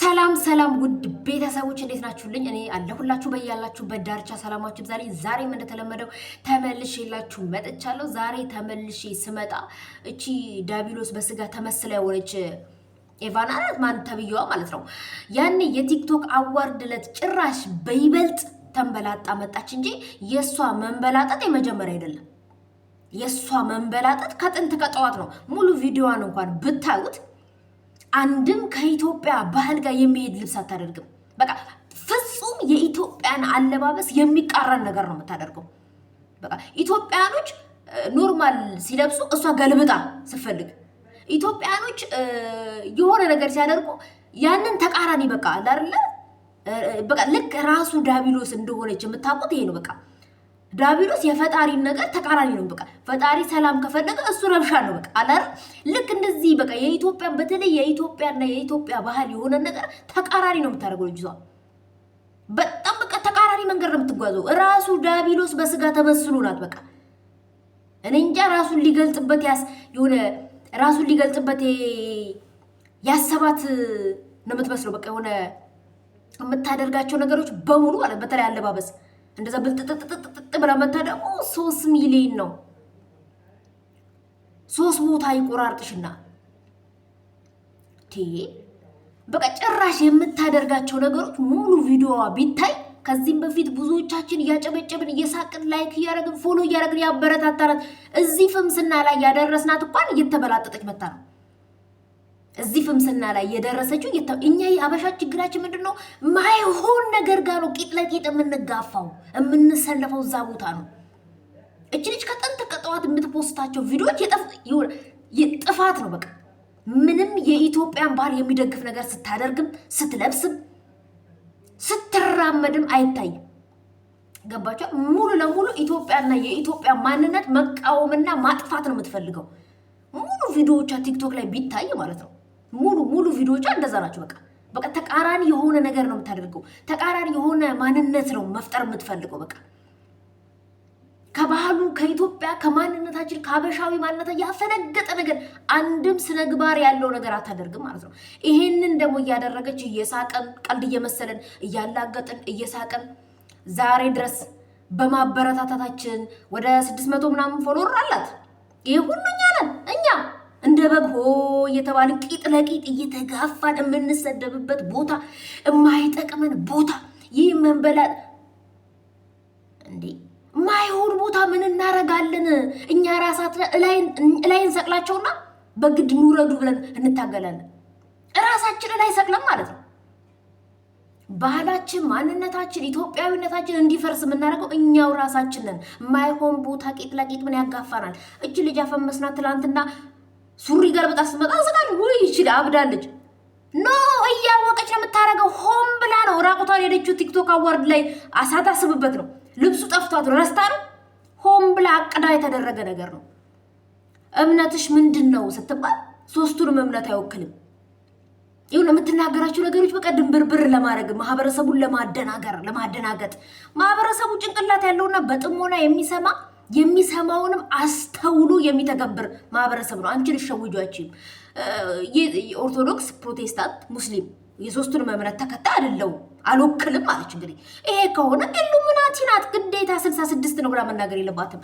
ሰላም ሰላም ውድ ቤተሰቦች እንዴት ናችሁልኝ? እኔ አለሁላችሁ በያላችሁበት ዳርቻ ሰላማችሁ ዛሬ ዛሬም እንደተለመደው ተመልሼላችሁ መጥቻለሁ። ዛሬ ተመልሼ ስመጣ እቺ ዳቢሎስ በስጋ ተመስላ የሆነች ኤቫን አራት ማን ተብዬዋ ማለት ነው ያኔ የቲክቶክ አዋርድ ዕለት ጭራሽ በይበልጥ ተንበላጣ መጣች እንጂ የእሷ መንበላጠጥ የመጀመሪያ አይደለም። የእሷ መንበላጠጥ ከጥንት ከጠዋት ነው። ሙሉ ቪዲዮዋን እንኳን ብታዩት አንድም ከኢትዮጵያ ባህል ጋር የሚሄድ ልብስ አታደርግም። በቃ ፍጹም የኢትዮጵያን አለባበስ የሚቃረን ነገር ነው የምታደርገው። በቃ ኢትዮጵያኖች ኖርማል ሲለብሱ እሷ ገልብጣ ስፈልግ፣ ኢትዮጵያኖች የሆነ ነገር ሲያደርጉ ያንን ተቃራኒ በቃ አለ በቃ ልክ ራሱ ዳቢሎስ እንደሆነች የምታውቁት ይሄ ነው በቃ ዳቪሎስ የፈጣሪን ነገር ተቃራኒ ነው። በቃ ፈጣሪ ሰላም ከፈለገ እሱ ረብሻ ነው። በቃ አላር ልክ እንደዚህ በቃ የኢትዮጵያ በተለይ የኢትዮጵያና የኢትዮጵያ ባህል የሆነ ነገር ተቃራኒ ነው የምታደርገው ልጅቷ። በጣም በቃ ተቃራኒ መንገድ ነው የምትጓዘው። ራሱ ዲያብሎስ በስጋ ተመስሉ ናት። በቃ እኔ እንጃ ራሱን ሊገልጽበት ያስ የሆነ ራሱን ሊገልጥበት ያሰባት ነው የምትመስለው። በቃ የሆነ የምታደርጋቸው ነገሮች በሙሉ ማለት በተለይ አለባበስ እንደዛ ብልጥጥጥጥጥ ብላ መታ ደግሞ ሶስት ሚሊዮን ነው። ሶስት ቦታ ይቆራርጥሽና በቃ ጭራሽ የምታደርጋቸው ነገሮች ሙሉ ቪዲዮዋ ቢታይ ከዚህም በፊት ብዙዎቻችን እያጨበጨብን እየሳቅን ላይክ እያደረግን ፎሎ እያደረግን ያበረታታናት እዚህ ፍምስና ላይ ያደረስናት እንኳን እየተበላጠጠች መታ ነው። እዚህ ፍምስና ላይ የደረሰችው እኛ አበሻ ችግራችን ምንድን ነው? ማይሆን ነገር ጋር ነው ቂጥ ለቂጥ የምንጋፋው የምንሰለፈው እዛ ቦታ ነው። እች ልጅ ከጥንት ከጠዋት የምትፖስታቸው ቪዲዮዎች ጥፋት ነው። በቃ ምንም የኢትዮጵያን ባህል የሚደግፍ ነገር ስታደርግም ስትለብስም ስትራመድም አይታይም። ገባቸው ሙሉ ለሙሉ ኢትዮጵያና የኢትዮጵያ ማንነት መቃወምና ማጥፋት ነው የምትፈልገው። ሙሉ ቪዲዮዎቿ ቲክቶክ ላይ ቢታይ ማለት ነው። ሙሉ ሙሉ ቪዲዮቿ እንደዛ ናቸው። በቃ በቃ ተቃራኒ የሆነ ነገር ነው የምታደርገው። ተቃራኒ የሆነ ማንነት ነው መፍጠር የምትፈልገው። በቃ ከባህሉ ከኢትዮጵያ ከማንነታችን ከሀበሻዊ ማንነት ያፈነገጠ ነገር አንድም ስነ ግባር ያለው ነገር አታደርግም ማለት ነው። ይሄንን ደግሞ እያደረገች እየሳቀን ቀልድ እየመሰለን እያላገጥን እየሳቀን ዛሬ ድረስ በማበረታታታችን ወደ ስድስት መቶ ምናምን ፎሎወር አላት። ይሄ ሁሉ እኛ ነን እኛ እንደ በግ ሆ እየተባልን ቂጥ ለቂጥ እየተጋፋን የምንሰደብበት ቦታ፣ የማይጠቅመን ቦታ፣ ይህ መንበላ እንዴ ማይሆን ቦታ ምን እናረጋለን? እኛ ራሳት እላይን ሰቅላቸውና በግድ ንውረዱ ብለን እንታገላለን። ራሳችን እላይ ሰቅለን ማለት ነው። ባህላችን፣ ማንነታችን፣ ኢትዮጵያዊነታችን እንዲፈርስ የምናደርገው እኛው ራሳችንን። ማይሆን ቦታ ቂጥ ለቂጥ ምን ያጋፋናል? እጅ ልጅ አፈመስናት ትላንትና ሱሪ ገልብጣ ስትመጣ ስቃል ወይ ይችል አብዳለች። ኖ እያወቀች ነው የምታደርገው። ሆም ብላ ነው ራቁቷን ሄደችው። ቲክቶክ አዋርድ ላይ አሳታስብበት ነው ልብሱ ጠፍቷት ነው ረስታ ነው። ሆም ብላ አቅዳ የተደረገ ነገር ነው። እምነትሽ ምንድን ነው ስትባል ሶስቱንም እምነት አይወክልም። ይሁን የምትናገራቸው ነገሮች በቃ ድንብርብር ለማድረግ ማህበረሰቡን ለማደናገር ለማደናገጥ ማህበረሰቡ ጭንቅላት ያለውና በጥሞና የሚሰማ የሚሰማውንም አስተውሎ የሚተገብር ማህበረሰብ ነው። አንቺ ልሸውጇችም የኦርቶዶክስ ፕሮቴስታንት፣ ሙስሊም የሶስቱንም እምነት ተከታይ አይደለሁም አልወክልም አለች። እንግዲህ ይሄ ከሆነ ኢሉሚናቲ ናት ግዴታ ስልሳ ስድስት ነው ብላ መናገር የለባትም።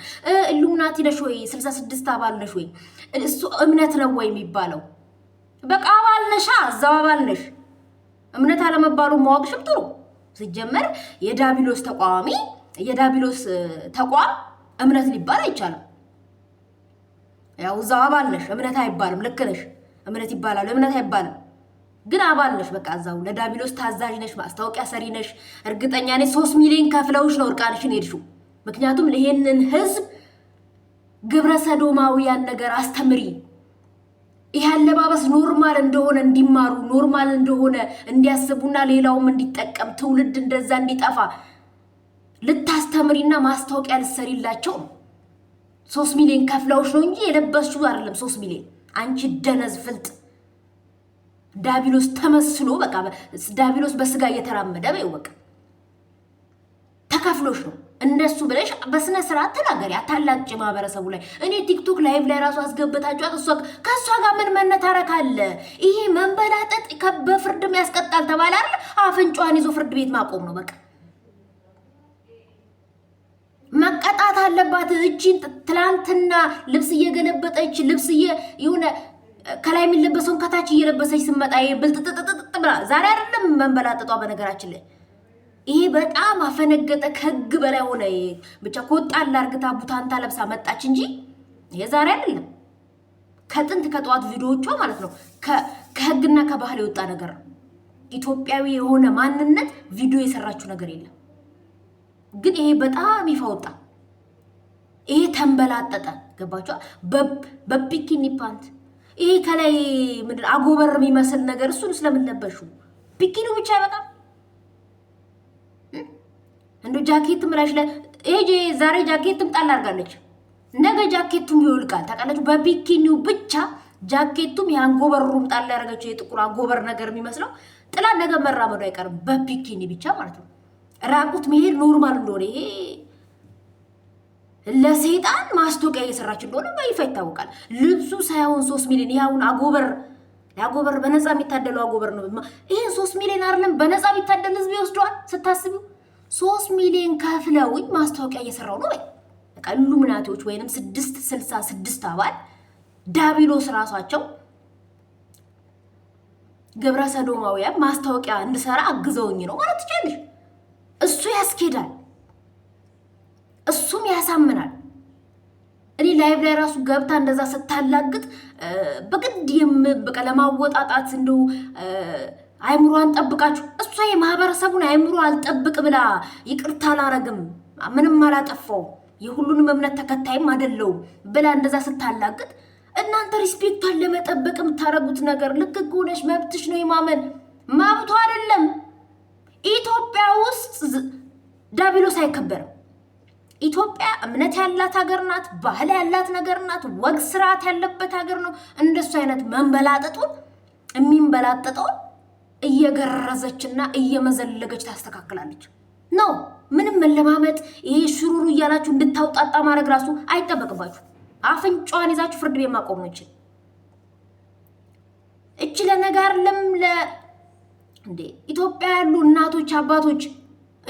ኢሉሚናቲ ነሽ ወይ ስልሳ ስድስት አባል ነሽ ወይ እሱ እምነት ነው ወይ የሚባለው? በቃ አባል ነሻ፣ እዛው አባል ነሽ። እምነት አለመባሉ ማወቅሽም ጥሩ። ሲጀመር የዳቢሎስ ተቋሚ የዳቢሎስ ተቋም እምነት ሊባል አይቻልም። ያው እዛው አባል ነሽ፣ እምነት አይባልም። ልክ ነሽ፣ እምነት ይባላል፣ እምነት አይባልም። ግን አባል ነሽ፣ በቃ እዛው ለዳቢሎስ ታዛዥ ነሽ፣ ማስታወቂያ ሰሪ ነሽ። እርግጠኛ ነኝ ሶስት ሚሊዮን ከፍለውሽ ነው እርቃንሽን ሄድሽው። ምክንያቱም ይሄንን ህዝብ ግብረ ሰዶማውያን ነገር አስተምሪ፣ ይህ አለባበስ ኖርማል እንደሆነ እንዲማሩ ኖርማል እንደሆነ እንዲያስቡና ሌላውም እንዲጠቀም ትውልድ እንደዛ እንዲጠፋ ማስተምሪና ማስታወቂያ ልትሰሪላቸው ሶስት ሚሊዮን ከፍለውሽ ነው እንጂ የለበሱ አይደለም። ሶስት ሚሊዮን አንቺ ደነዝ ፍልጥ ዳቢሎስ ተመስሎ በቃ ዳቢሎስ በስጋ እየተራመደ በይወቅ ተከፍሎሽ ነው። እነሱ ብለሽ በስነ ስርዓት ተናገሪ። አታላቅጭ ማህበረሰቡ ላይ። እኔ ቲክቶክ ላይቭ ላይ ራሱ አስገብታችኋት እሷ ከእሷ ጋር ምን መነታረክ አለ? ይሄ መንበላጠጥ በፍርድም ያስቀጣል ተባለ አይደል? አፍንጫዋን ይዞ ፍርድ ቤት ማቆም ነው በቃ። አለባት። እጅን ትላንትና ልብስ እየገለበጠች ልብስ የሆነ ከላይ የሚለበሰውን ከታች እየለበሰች ስመጣ ብልጥጥጥጥ ብላ ዛሬ አይደለም መንበላጠጧ። በነገራችን ላይ ይሄ በጣም አፈነገጠ፣ ከህግ በላይ ሆነ። ብቻ ከወጣ አርግታ ቡታንታ ለብሳ መጣች እንጂ ይሄ ዛሬ አይደለም። ከጥንት ከጠዋት ቪዲዮዎቿ ማለት ነው። ከህግና ከባህል የወጣ ነገር ነው። ኢትዮጵያዊ የሆነ ማንነት ቪዲዮ የሰራችው ነገር የለም። ግን ይሄ በጣም ይፋ ወጣ። ይሄ ተንበላጠጠ ገባቸዋ። በቢኪኒ ፓንት ይሄ ከላይ ምንድን አጎበር የሚመስል ነገር እሱን ስለምንለበሹ ቢኪኒ ብቻ በጣም እንዶ ጃኬት ምላሽ ላይ ይሄ ዛሬ ጃኬትም ጣል አድርጋለች፣ ነገ ጃኬቱም ይወልቃል። ታውቃለች በቢኪኒው ብቻ ጃኬቱም የአንጎበሩም ጣል ያደረገችው የጥቁር አጎበር ነገር የሚመስለው ጥላ ነገ መራመዱ አይቀርም። በቢኪኒ ብቻ ማለት ነው። ራቁት መሄድ ኖርማል እንደሆነ ይሄ ለሰይጣን ማስታወቂያ እየሰራች እንደሆነ በይፋ ይታወቃል። ልብሱ ሳይሆን ሶስት ሚሊዮን ይኸውን አጎበር ለአጎበር በነፃ የሚታደሉ አጎበር ነው። ይህን ሶስት ሚሊዮን አይደለም በነፃ የሚታደል ህዝብ ይወስደዋል። ስታስቡ ሶስት ሚሊዮን ከፍለውኝ ማስታወቂያ እየሰራው ነው ወይ ኢሉሚናቲዎች ወይንም ስድስት ስልሳ ስድስት አባል ዳቢሎስ ራሷቸው ግብረ ሰዶማውያን ማስታወቂያ እንድሰራ አግዘውኝ ነው ማለት ትችላለሽ። እሱ ያስኬዳል። እሱም ያሳምናል። እኔ ላይቭ ላይ ራሱ ገብታ እንደዛ ስታላግጥ በግድ በቃ ለማወጣጣት እንደው አይምሮዋን ጠብቃችሁ እሷ የማህበረሰቡን አይምሮ አልጠብቅ ብላ ይቅርታ አላረግም ምንም አላጠፋው የሁሉንም እምነት ተከታይም አደለው ብላ እንደዛ ስታላግጥ እናንተ ሪስፔክቷን ለመጠበቅ የምታደርጉት ነገር ልክ ከሆነሽ መብትሽ ነው የማመን መብቱ አይደለም። ኢትዮጵያ ውስጥ ዳቢሎስ አይከበርም። ኢትዮጵያ እምነት ያላት ሀገር ናት። ባህል ያላት ነገር ናት። ወግ ስርዓት ያለበት ሀገር ነው። እንደሱ አይነት መንበላጠጡን የሚንበላጠጠውን እየገረዘችና እየመዘለገች ታስተካክላለች ነው። ምንም መለማመጥ ይሄ ሽሩሩ እያላችሁ እንድታውጣጣ ማድረግ ራሱ አይጠበቅባችሁ። አፍንጫዋን ይዛችሁ ፍርድ ቤት ማቆም ይችል እች ለነጋር ለም ለ እንዴ ኢትዮጵያ ያሉ እናቶች አባቶች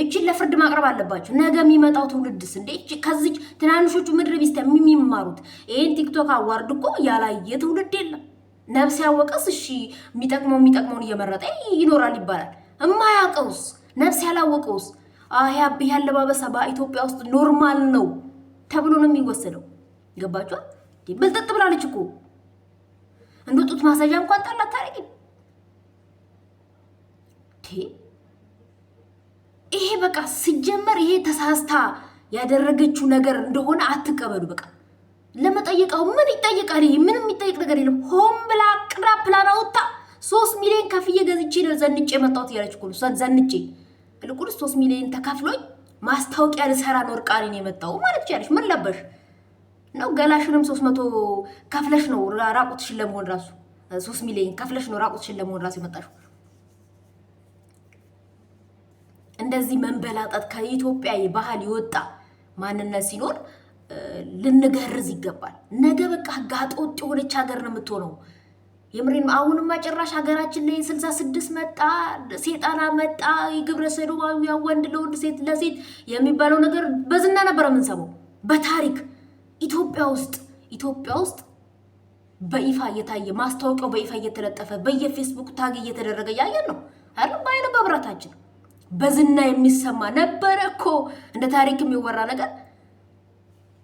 እችን ለፍርድ ማቅረብ አለባቸው። ነገ የሚመጣው ትውልድስ እንዴ? ከዚች ትናንሾቹ ምድር ቢስ የሚማሩት ይህን ቲክቶክ አዋርድ እኮ ያላየ ትውልድ የለም። ነብስ ያወቀስ እሺ፣ የሚጠቅመው የሚጠቅመውን እየመረጠ ይኖራል ይባላል። እማያውቀውስ ነብስ ያላወቀውስ ያብ ያለባበሳ በኢትዮጵያ ውስጥ ኖርማል ነው ተብሎ ነው የሚወሰደው። ገባችኋል? በልጠጥ ብላለች እኮ እንደ ጡት ማሳጃ እንኳን ጣላት ታረቂ ይሄ በቃ ሲጀመር ይሄ ተሳስታ ያደረገችው ነገር እንደሆነ አትቀበሉ። በቃ ለመጠየቃው ምን ይጠየቃል? ይሄ ምንም የሚጠይቅ ነገር የለም። ሆም ብላ ቅራ ፕላን አውጥታ ሶስት ሚሊዮን ከፍዬ ገዝቼ ዘንጬ መጣሁት እያለች እኮ ነው። ዘንጬ ይልቁንስ ሶስት ሚሊዮን ተከፍሎኝ ማስታወቂያ ልሰራ ነው እርቃኔን የመጣው ማለት ይቻለች። ምን ለበሽ ነው ገላሽንም ሶስት መቶ ከፍለሽ ነው ራቁትሽን ለመሆን ራሱ ሶስት ሚሊዮን ከፍለሽ ነው ራቁትሽን ለመሆን ራሱ የመጣሽው እንደዚህ መንበላጣት ከኢትዮጵያ ባህል የወጣ ማንነት ሲኖር ልንገርዝ ይገባል። ነገ በቃ ጋጦጥ የሆነች ሀገር ነው የምትሆነው። የምሬን አሁንም ጭራሽ ሀገራችን ላይ ስልሳ ስድስት መጣ፣ ሴጣና መጣ፣ የግብረ ሰዶማዊ ወንድ ለወንድ ሴት ለሴት የሚባለው ነገር በዝና ነበር የምንሰማው። በታሪክ ኢትዮጵያ ውስጥ ኢትዮጵያ ውስጥ በይፋ እየታየ ማስታወቂያው በይፋ እየተለጠፈ በየፌስቡክ ታግ እየተደረገ እያየን ነው አይደል? በአይነ በብረታችን በዝና የሚሰማ ነበረ እኮ እንደ ታሪክ የሚወራ ነገር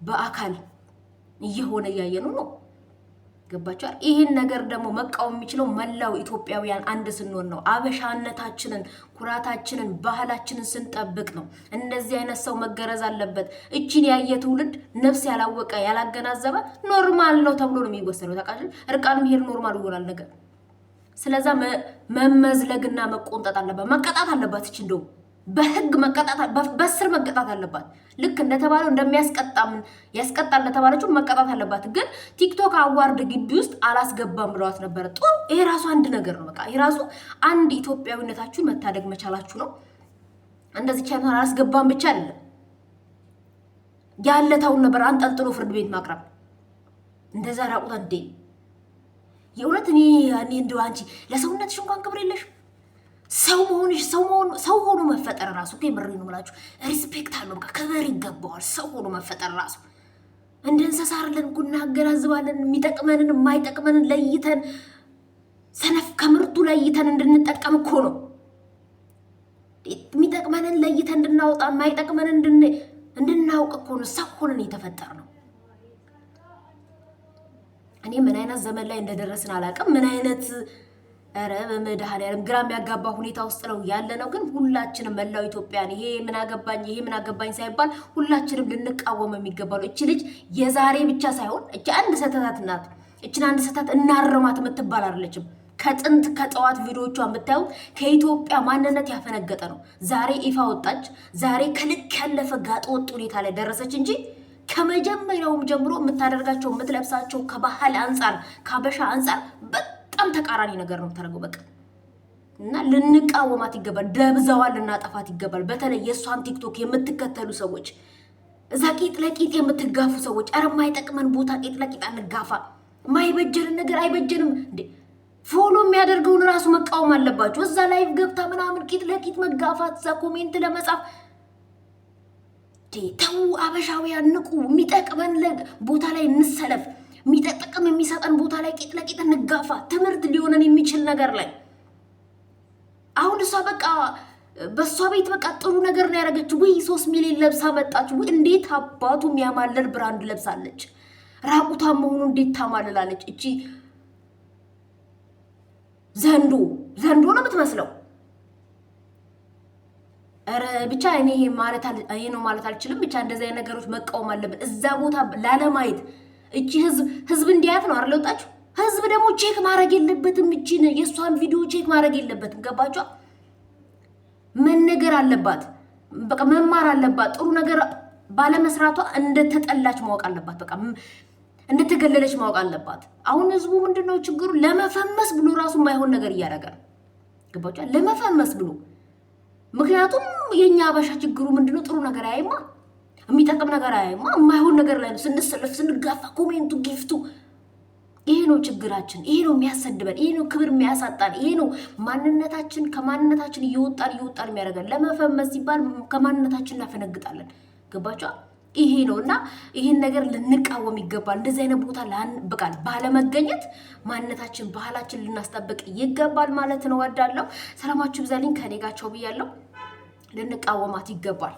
በአካል እየሆነ እያየኑ ነው። ገባችኋል? ይህን ነገር ደግሞ መቃወም የሚችለው መላው ኢትዮጵያውያን አንድ ስንሆን ነው። አበሻነታችንን፣ ኩራታችንን፣ ባህላችንን ስንጠብቅ ነው። እንደዚህ አይነት ሰው መገረዝ አለበት። እችን ያየ ትውልድ ነፍስ ያላወቀ ያላገናዘበ ኖርማል ነው ተብሎ ነው የሚወሰደው። ታውቃለህ? እርቃን መሄድ ኖርማል ይሆናል ነገር ስለዛ መመዝለግና መቆንጠጥ አለባት፣ መቀጣት አለባት። እች እንደው በህግ መቀጣት በስር መቀጣት አለባት። ልክ እንደተባለው እንደሚያስቀጣም ያስቀጣል ለተባለችው መቀጣት አለባት። ግን ቲክቶክ አዋርድ ግቢ ውስጥ አላስገባም ብለዋት ነበረ። ጥሩ ይሄ ራሱ አንድ ነገር ነው። በቃ ይሄ ራሱ አንድ ኢትዮጵያዊነታችሁን መታደግ መቻላችሁ ነው። እንደዚህ ቻናል አላስገባም ብቻ አይደለም ያለታውን ነበር አንጠልጥሎ ፍርድ ቤት ማቅረብ እንደዛ ራቁታ እንዴ የእውነት እኔ እኔ እንደው አንቺ ለሰውነትሽ እንኳን ክብር የለሽም። ሰው መሆንሽ ሰው ሰው ሆኖ መፈጠር ራሱ እኮ የምሬ ነው የምላችሁ፣ ሪስፔክት አለው። በቃ ክብር ይገባዋል ሰው ሆኖ መፈጠር ራሱ። እንደ እንስሳ አይደለን እኮ እናገናዝባለን። የሚጠቅመንን የማይጠቅመንን ለይተን ሰነፍ ከምርቱ ለይተን እንድንጠቀም እኮ ነው። የሚጠቅመንን ለይተን እንድናወጣ የማይጠቅመንን እንድናውቅ እኮ ነው ሰው ሆነን የተፈጠር ነው። እኔ ምን አይነት ዘመን ላይ እንደደረስን አላውቅም። ምን አይነት ኧረ በመድኃኒዓለም ግራ የሚያጋባ ሁኔታ ውስጥ ነው ያለ ነው። ግን ሁላችንም መላው ኢትዮጵያን ይሄ ምን አገባኝ ይሄ ምን አገባኝ ሳይባል ሁላችንም ልንቃወም ነው። እች ልጅ የዛሬ ብቻ ሳይሆን እች አንድ ሰተታት ናት። እችን አንድ ሰተታት እናርማት የምትባል አይደለችም። ከጥንት ከጠዋት ቪዲዮቿ የምታዩት ከኢትዮጵያ ማንነት ያፈነገጠ ነው። ዛሬ ይፋ ወጣች። ዛሬ ከልክ ያለፈ ጋጠ ወጥ ሁኔታ ላይ ደረሰች እንጂ ከመጀመሪያውም ጀምሮ የምታደርጋቸው የምትለብሳቸው ከባህል አንጻር ከአበሻ አንጻር በጣም ተቃራኒ ነገር ነው የምታደርገው። በቃ እና ልንቃወማት ይገባል። ደብዛዋ ልናጠፋት ይገባል። በተለይ የእሷን ቲክቶክ የምትከተሉ ሰዎች፣ እዛ ቂጥ ለቂጥ የምትጋፉ ሰዎች፣ ኧረ ማይጠቅመን ቦታ ቂጥ ለቂጥ አንጋፋ። ማይበጀልን ነገር አይበጀንም እንዴ! ፎሎ የሚያደርገውን ራሱ መቃወም አለባቸው። እዛ ላይቭ ገብታ ምናምን ቂጥ ለቂጥ መጋፋት፣ እዛ ኮሜንት ለመጻፍ ተው አበሻውያን ንቁ። የሚጠቅመን ቦታ ላይ እንሰለፍ። የሚጠቅም የሚሰጠን ቦታ ላይ ቂጥ ለቂጥ እንጋፋ። ትምህርት ሊሆነን የሚችል ነገር ላይ አሁን እሷ በቃ በእሷ ቤት በቃ ጥሩ ነገር ነው ያደረገች። ወይ ሶስት ሚሊዮን ለብሳ መጣች። ወይ እንዴት አባቱ የሚያማለል ብራንድ ለብሳለች። ራቁታ መሆኑ እንዴት ታማልላለች? እቺ ዘንዶ ዘንዶ ነው የምትመስለው። ብቻ እኔ ይሄ ማለት ይሄ ነው ማለት አልችልም። ብቻ እንደዚህ አይነት ነገሮች መቃወም አለብን። እዛ ቦታ ላለማየት እቺ ህዝብ ህዝብ እንዲያት ነው አይደል? ወጣችሁ ህዝብ ደግሞ ቼክ ማድረግ የለበትም። እቺን የእሷን ቪዲዮ ቼክ ማድረግ የለበትም። ገባችሁ? መነገር አለባት። በቃ መማር አለባት። ጥሩ ነገር ባለመስራቷ እንደተጠላች ማወቅ አለባት። በቃ እንደተገለለች ማወቅ አለባት። አሁን ህዝቡ ምንድነው ችግሩ? ለመፈመስ ብሎ ራሱ የማይሆን ነገር እያደረገ ነው። ገባችሁ? ለመፈመስ ብሎ ምክንያቱም የእኛ አበሻ ችግሩ ምንድነው? ጥሩ ነገር አይማ የሚጠቅም ነገር አይማ የማይሆን ነገር ላይ ነው ስንሰለፍ፣ ስንጋፋ፣ ኮሜንቱ፣ ጊፍቱ ይሄ ነው ችግራችን። ይሄ ነው የሚያሰድበን። ይሄ ነው ክብር የሚያሳጣን። ይሄ ነው ማንነታችን ከማንነታችን እየወጣን እየወጣን የሚያደርገን። ለመፈመስ ሲባል ከማንነታችን እናፈነግጣለን። ገባችኋል? ይሄ ነው እና ይህን ነገር ልንቃወም ይገባል። እንደዚህ አይነት ቦታ ላንብቃል ባለመገኘት ማንነታችን፣ ባህላችን ልናስጠብቅ ይገባል ማለት ነው። ወዳለው ሰላማችሁ ብዛልኝ። ከኔ ጋቸው ብያለሁ። ልንቃወማት ይገባል።